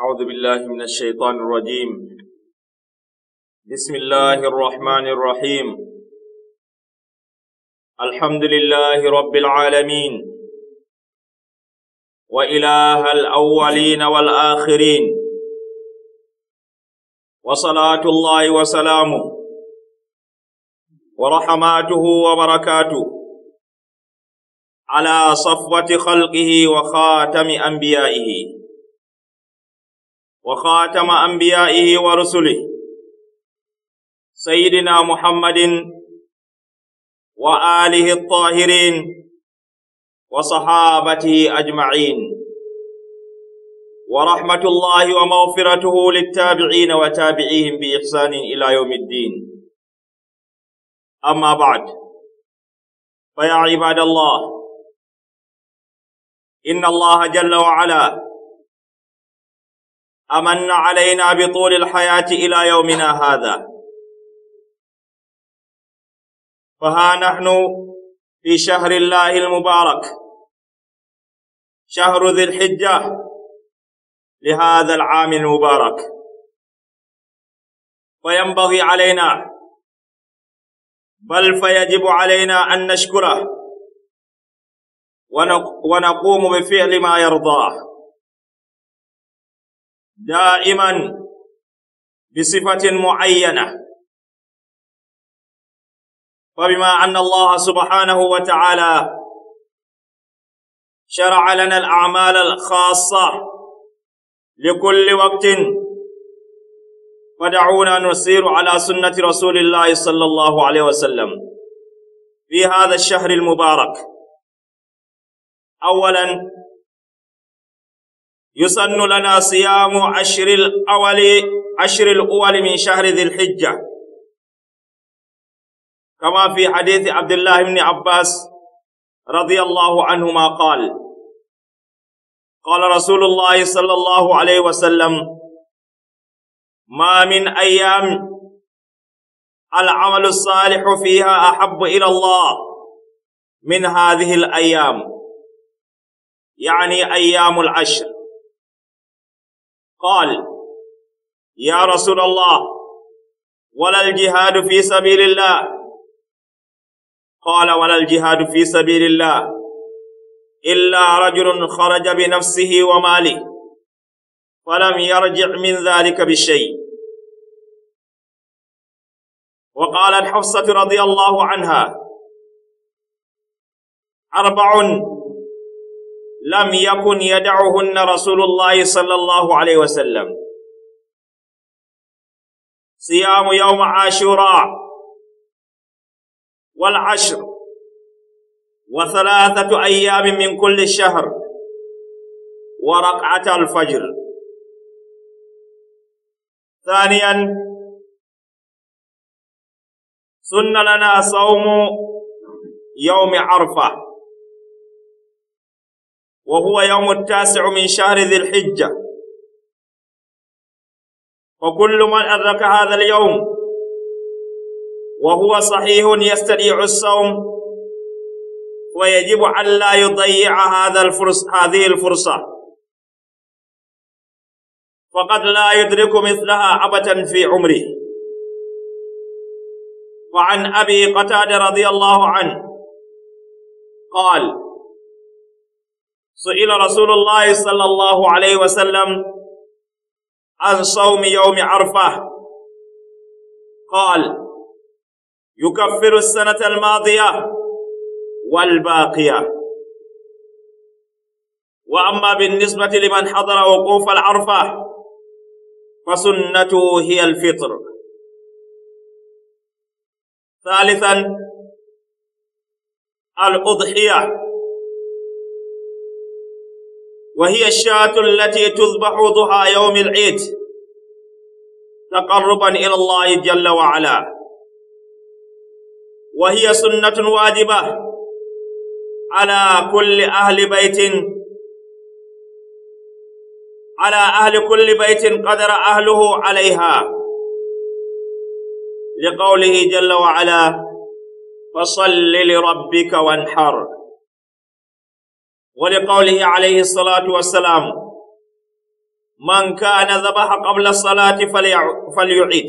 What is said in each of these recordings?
أعوذ بالله من الشيطان الرجيم بسم الله الرحمن الرحيم الحمد لله رب العالمين وإله الأولين والآخرين وصلاة الله وسلامه ورحماته وبركاته على صفوة خلقه وخاتم أنبيائه وخاتم أنبيائه ورسله سيدنا محمد وآله الطاهرين وصحابته أجمعين ورحمة الله ومغفرته للتابعين وتابعيهم بإحسان إلى يوم الدين أما بعد فيا عباد الله إن الله جل وعلا امن علينا بطول الحياه الى يومنا هذا فها نحن في شهر الله المبارك شهر ذي الحجه لهذا العام المبارك فينبغي علينا بل فيجب علينا ان نشكره ونقوم بفعل ما يرضاه دائما بصفة معينة وبما أن الله سبحانه وتعالى شرع لنا الأعمال الخاصة لكل وقت فدعونا نسير على سنة رسول الله صلى الله عليه وسلم في هذا الشهر المبارك أولاً يسن لنا صيام عشر الأول عشر الأول من شهر ذي الحجة كما في حديث عبد الله بن عباس رضي الله عنهما قال قال رسول الله صلى الله عليه وسلم ما من أيام العمل الصالح فيها أحب إلى الله من هذه الأيام يعني أيام العشر قال يا رسول الله ولا الجهاد في سبيل الله قال ولا الجهاد في سبيل الله إلا رجل خرج بنفسه وماله فلم يرجع من ذلك بشيء وقالت حفصة رضي الله عنها أربع لم يكن يدعهن رسول الله صلى الله عليه وسلم صيام يوم عاشوراء والعشر وثلاثة أيام من كل الشهر وركعة الفجر ثانيا سن لنا صوم يوم عرفه وهو يوم التاسع من شهر ذي الحجة وكل من أدرك هذا اليوم وهو صحيح يستطيع الصوم ويجب ألا يضيع هذا الفرص هذه الفرصة فقد لا يدرك مثلها أبدا في عمره وعن أبي قتادة رضي الله عنه قال سئل رسول الله صلى الله عليه وسلم عن صوم يوم عرفة قال يكفر السنة الماضية والباقية وأما بالنسبة لمن حضر وقوف العرفة فسنته هي الفطر ثالثا الأضحية وهي الشاة التي تذبح ضحى يوم العيد تقربا إلى الله جل وعلا وهي سنة واجبة على كل أهل بيت على أهل كل بيت قدر أهله عليها لقوله جل وعلا فصل لربك وانحر ولقوله عليه الصلاة والسلام من كان ذبح قبل الصلاة فليعيد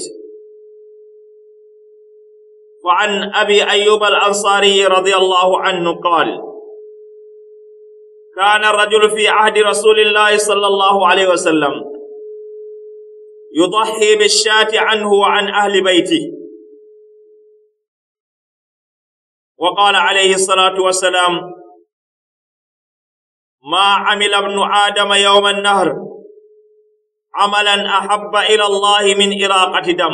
وعن أبي أيوب الأنصاري رضي الله عنه قال كان الرجل في عهد رسول الله صلى الله عليه وسلم يضحي بالشاة عنه وعن أهل بيته وقال عليه الصلاة والسلام ما عمل ابن آدم يوم النهر عملا أحب إلى الله من إراقة دم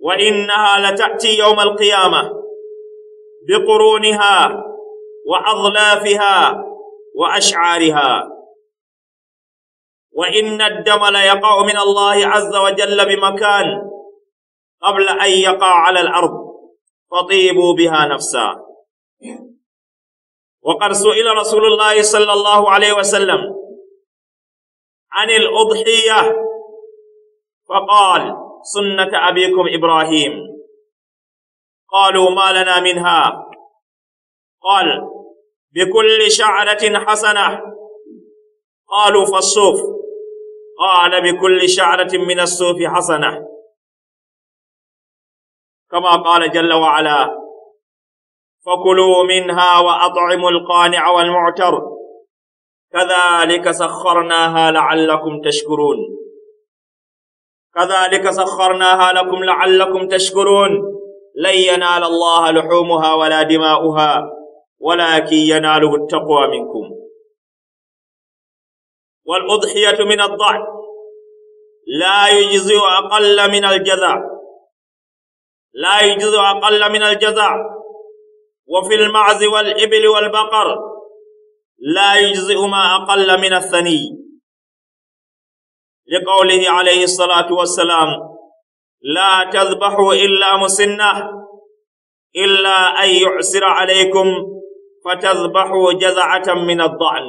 وإنها لتأتي يوم القيامة بقرونها وأظلافها وأشعارها وإن الدم ليقع من الله عز وجل بمكان قبل أن يقع على الأرض فطيبوا بها نفسا وقد سئل رسول الله صلى الله عليه وسلم عن الأضحية فقال سنة أبيكم إبراهيم قالوا ما لنا منها قال بكل شعرة حسنة قالوا فالصوف قال بكل شعرة من الصوف حسنة كما قال جل وعلا فكلوا منها وأطعموا القانع والمعتر كذلك سخرناها لعلكم تشكرون كذلك سخرناها لكم لعلكم تشكرون لن ينال الله لحومها ولا دماؤها ولكن يناله التقوى منكم والأضحية من الضعف لا يجزئ أقل من الجزاء لا يجزئ أقل من الجزاء وفي المعز والإبل والبقر لا يجزئ ما أقل من الثني لقوله عليه الصلاة والسلام لا تذبحوا إلا مسنة إلا أن يعسر عليكم فتذبحوا جزعة من الضعن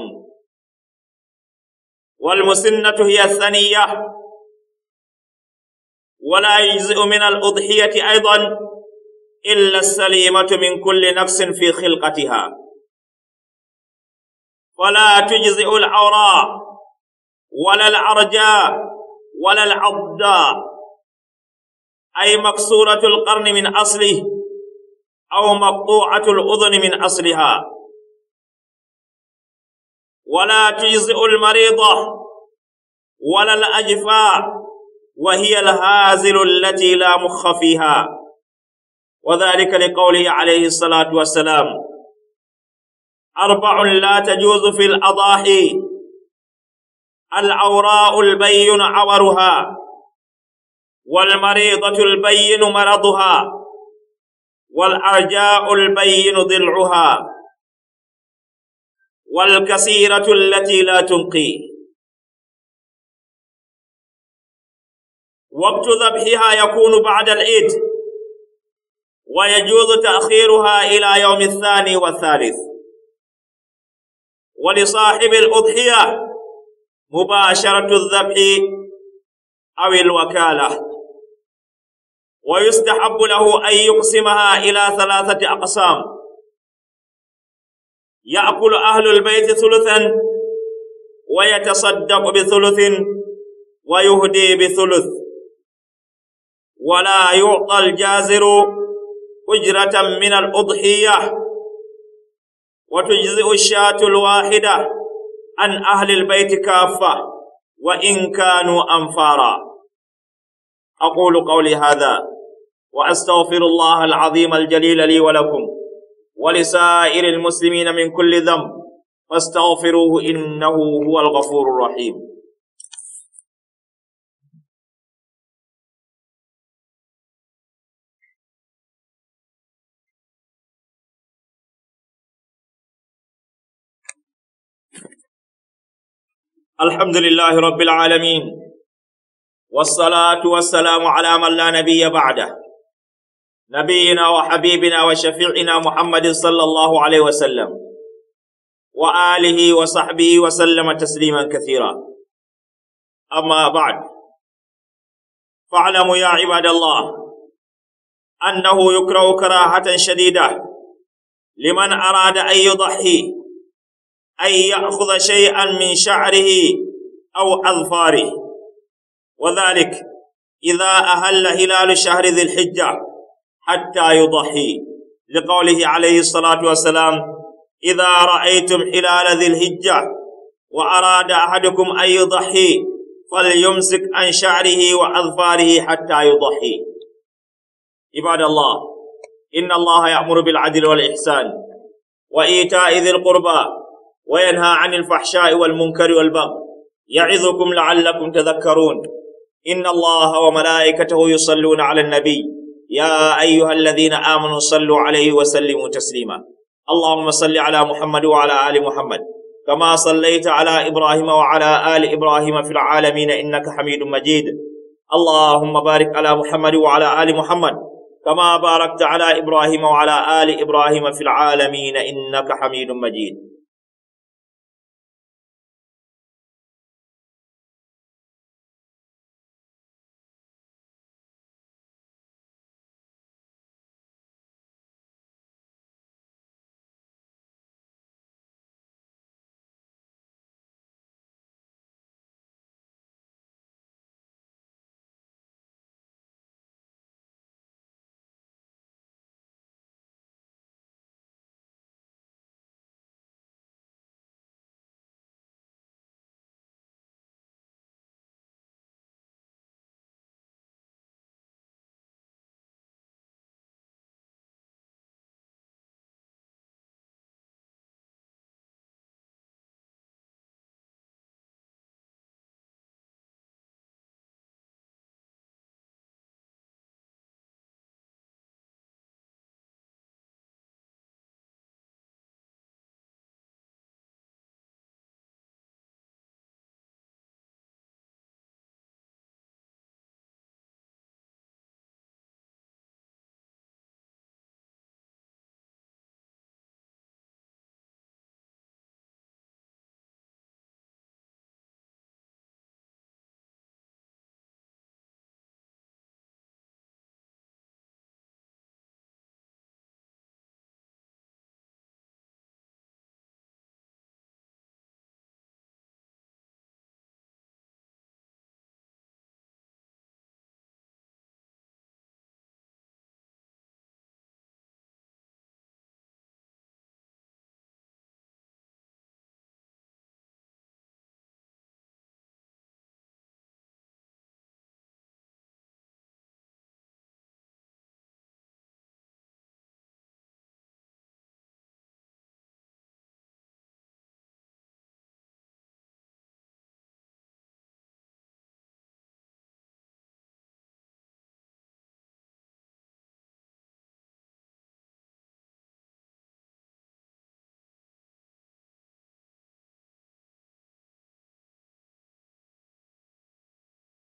والمسنة هي الثنية ولا يجزئ من الأضحية أيضا إلا السليمة من كل نفس في خلقتها فلا تجزئ العراء ولا العرجاء ولا العضاء أي مكسورة القرن من أصله أو مقطوعة الأذن من أصلها ولا تجزئ المريضة ولا الأجفاء وهي الهازل التي لا مخ فيها وذلك لقوله عليه الصلاة والسلام أربع لا تجوز في الأضاحي العوراء البين عورها والمريضة البين مرضها والأرجاء البين ضلعها والكثيرة التي لا تنقي وقت ذبحها يكون بعد العيد ويجوز تأخيرها إلى يوم الثاني والثالث ولصاحب الأضحية مباشرة الذبح أو الوكالة ويستحب له أن يقسمها إلى ثلاثة أقسام يأكل أهل البيت ثلثا ويتصدق بثلث ويهدي بثلث ولا يعطى الجازر أجرة من الأضحية وتجزئ الشاة الواحدة عن أهل البيت كافة وإن كانوا أنفارا أقول قولي هذا وأستغفر الله العظيم الجليل لي ولكم ولسائر المسلمين من كل ذنب فاستغفروه إنه هو الغفور الرحيم الحمد لله رب العالمين والصلاة والسلام على من لا نبي بعده نبينا وحبيبنا وشفيعنا محمد صلى الله عليه وسلم وآله وصحبه وسلم تسليما كثيرا أما بعد فاعلموا يا عباد الله أنه يكره كراهة شديدة لمن أراد أن يضحي أن يأخذ شيئا من شعره أو أظفاره وذلك إذا أهل هلال شهر ذي الحجة حتى يضحي لقوله عليه الصلاة والسلام إذا رأيتم هلال ذي الحجة وأراد أحدكم أن يضحي فليمسك عن شعره وأظفاره حتى يضحي عباد الله إن الله يأمر بالعدل والإحسان وإيتاء ذي القربى وينهى عن الفحشاء والمنكر والبغي يعظكم لعلكم تذكرون إن الله وملائكته يصلون على النبي يا أيها الذين آمنوا صلوا عليه وسلموا تسليما اللهم صل على محمد وعلى آل محمد كما صليت على إبراهيم وعلى آل إبراهيم في العالمين إنك حميد مجيد اللهم بارك على محمد وعلى آل محمد كما باركت على إبراهيم وعلى آل إبراهيم في العالمين إنك حميد مجيد